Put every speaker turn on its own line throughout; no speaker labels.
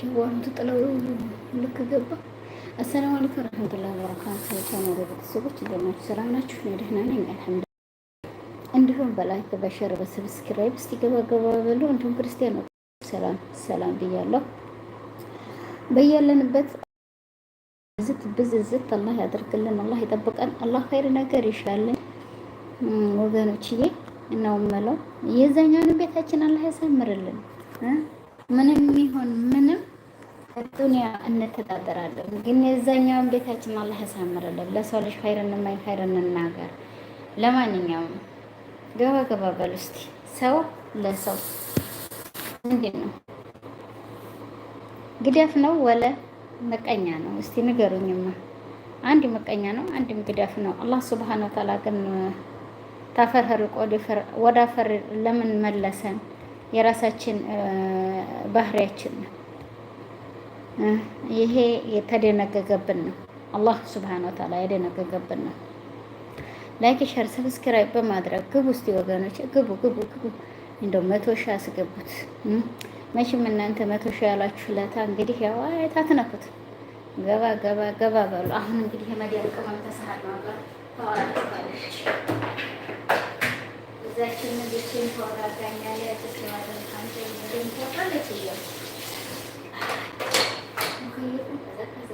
ጀዋሉን ትጥለው ልክ ገባ። አሰላሙ አለይኩም ረህመቱላሂ ወበረካቱ። ቻናል ቤተሰቦች እንደምን ናችሁ? ሰላም ናችሁ? እኔ ደህና ነኝ አልሐምዱሊላህ። እንዲሁም በላይክ በሸር በሰብስክራይብ እስቲ ገባገባ በሉ። እንዲሁም ክርስቲያን ነው ሰላም ሰላም ብያለሁ። በያለንበት ዝት ብዝዝት አላህ ያደርግልን፣ አላህ ይጠብቀን፣ አላህ ኸይር ነገር ይሻልን ወገኖችዬ ነው የምለው። የዛኛውን ቤታችን አላህ ያሳምርልን። ምንም ይሁን ምንም ዱኒያ እንተዳደራለን፣ ግን የዛኛውን ቤታችን አላህ ያሳምርልን። ለሰው ልጅ ኸይር እንማኝ፣ ኸይር እንናገር። ለማንኛውም ገባ ገባ በል እስቲ ሰው ለሰው ምንድን ነው ግዳፍ ነው ወለ መቀኛ ነው? እስቲ ንገሩኝማ። አንድ መቀኛ ነው፣ አንድም ግዳፍ ነው። አላህ ስብሓን ወተዓላ ግን ታፈርህርቆ ወደ አፈር ለምን መለሰን? የራሳችን ባህሪያችን ነው። ይሄ የተደነገገብን ነው። አላህ ስብሐነሁ ወተዓላ የደነገገብን ነው። ላይክ ሸር ሰብስክራይብ በማድረግ ግቡ ውስጥ ወገኖች ግቡ ግቡ ግቡ። እንደው መቶ ሺህ አስገቡት። መቼም እናንተ መቶ ሺህ ያላችሁ ለታ እንግዲህ ያው አይታትነኩት ገባ ገባ ገባ በሉ። አሁን እንግዲህ የመዲያ ቅመም ተሰሃል ነበር ታዋራለች እዛችን ልጅን ተወራዳኛ ላይ ተሰዋደን አንተ ይዘን ተቀበለች ይላል ስሜቱን ቀዘቀዘ።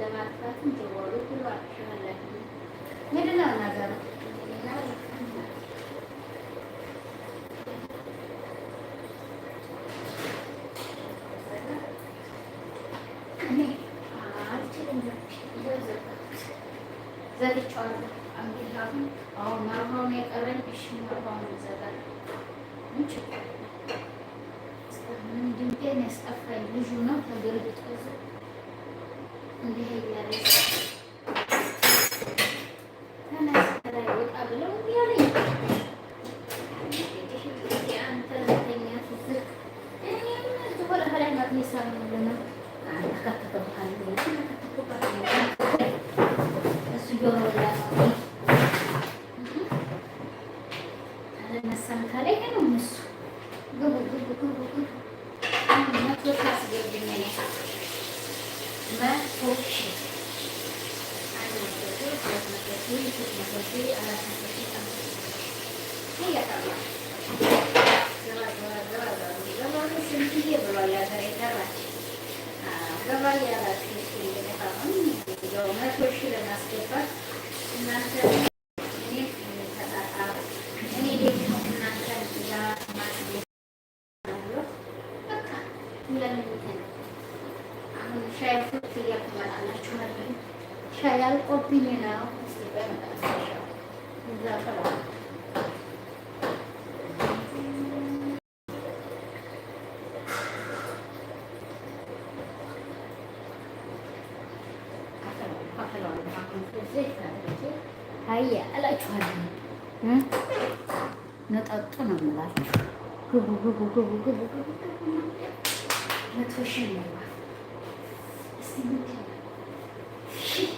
ለማጥፋትም ጀዋሉ ብሏል። ሽመላሽ ምንድነው ነገሩ? ዘግቼዋለሁ። አሁን መርሆውን የቀረኝ እሺ፣ ያስጠፋኝ ልጁ ነው ከግርግጥ እንዲህ እሱ mutlaka birbirine Mehfukşi. Iya kalau sendiri berlayar dari darat. Berlayar dari sini, kalau ini, jauh mereka sudah nasib, nanti ያልቆብኝ ነው። አይ አላችኋለሁ፣ ነጠጡ ነው የምላችሁ። ግቡ ግቡ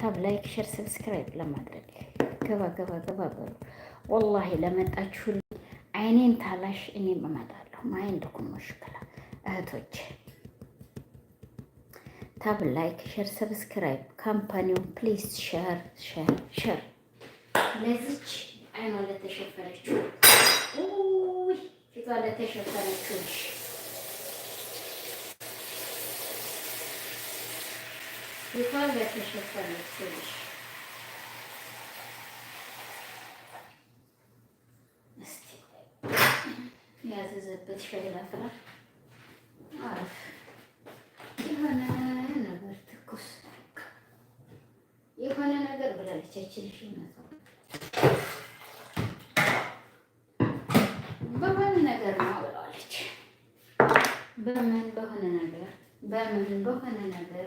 ታብ ላይክ፣ ሸር፣ ሰብስክራይብ ለማድረግ ገባ ገባ ገባ በሉ። ወላሂ ለመጣችሁልኝ አይኔን ታላሽ እኔም እመጣለሁ። ማይ እንደኩም ሙሽክላ እህቶች፣ ታብ ላይክ፣ ሸር፣ ሰብስክራይብ ካምፓኒውን ፕሊዝ ሸር ሸር ሸር ለዚች አይኗ ለተሸፈነችው ፊቷ ለተሸፈነችው ፊቷን በተሸፈነች ትንሽ ያዘዘበት ሻይ ላፍራ አረፍ የሆነ ነገር ትኩስ የሆነ ነገር ብላለች። ችልሽ በሆነ ነገር ነው ብለዋለች። በምን በሆነ ነገር በምን በሆነ ነገር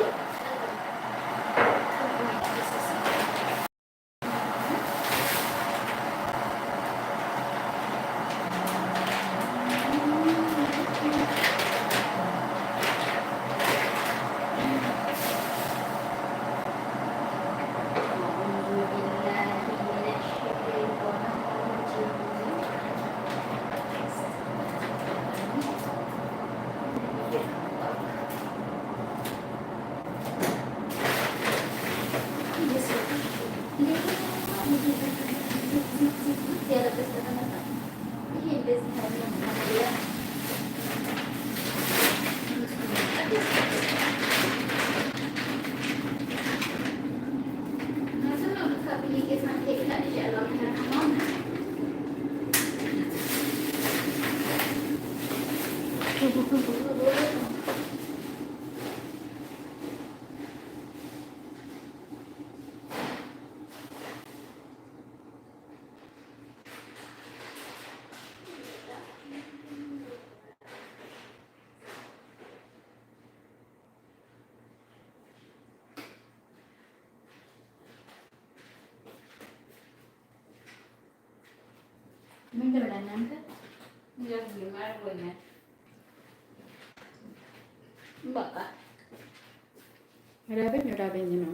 嗯。ምን ልበላ እናንተ ራበኝ ራበኝ ነው።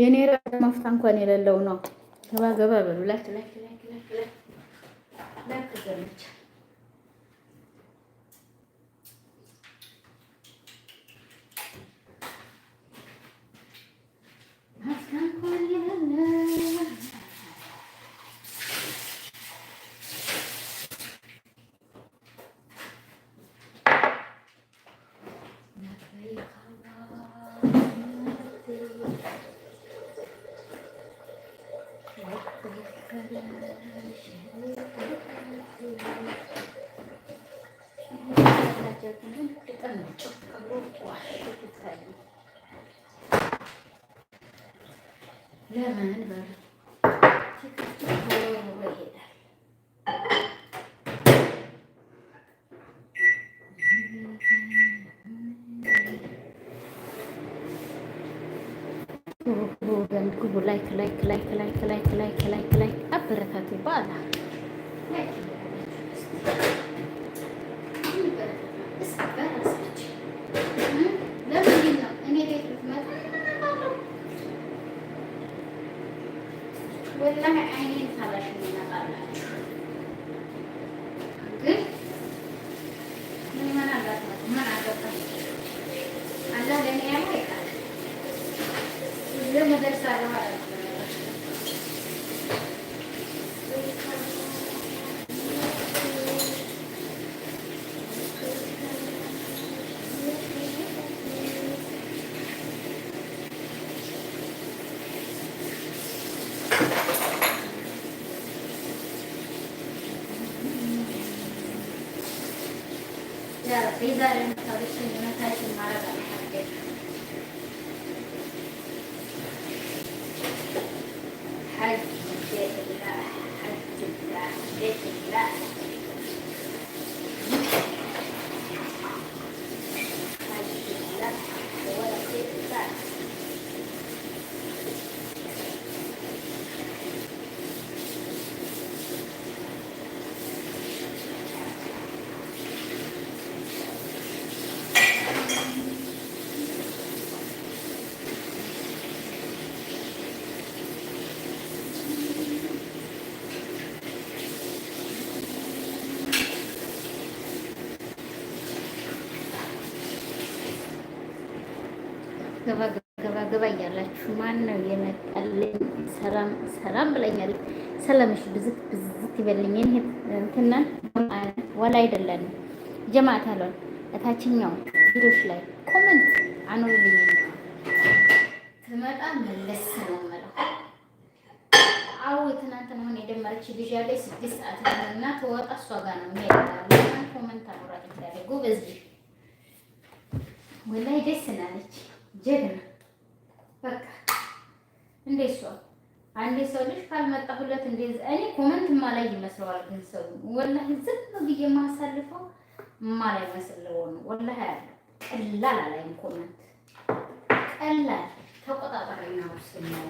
የኔ ረ መፍታ እንኳን የሌለው ነው። ገባ ገባ በሉ ላይክ ላይክ ለምን በሉ ይሄዳል። ግቡ ላይክ ላይክ ላይክ ላይክ ላይክ ላይክ ላይክ ላይክ አበረታቱ ባላ ላይክ করলাম আইনের খাবার শুনে না পারলাম আল্লাহ দেন মদরসা વિચારો ભેગા રહીને ભવિષ્ય ન થાય મારા ገባ ገባ ገባ እያላችሁ ማን ነው የመጣልኝ? ሰላም ሰላም ብለኛል። ሰላምሽ ብዝት ብዝት ይበልኝ። እንትና ወላ አይደለም ጀማዓት አሏል። እታችኛው ቪዲዮሽ ላይ ኮመንት አኖርልኝ። ትመጣ መለስ ነው የምለው። አዎ ትናንትና ሆነ የደመረች ልጅ ያለ ስድስት ሰዓት ነው እና ተወጣ እሷ ጋር ነው የሚያደርጋል። ኮመንት አኖራት ይችላል። ጎበዝ ወላይ ደስ እናለች ጀግና በቃ እንደ እሷ አንዴ ሰው ልጅ ካልመጣሁለት እንደ እኔ ኮመንት ማላይ ይመስለዋል፣ ግን ሰው ወላሂ ዝም ብዬ የማሳልፈው ማላይ መስለው ነው። ወላሂ ያለ ቀላል አላይም ኮመንት ቀላል ተቆጣጣሪና ውስጥ ነው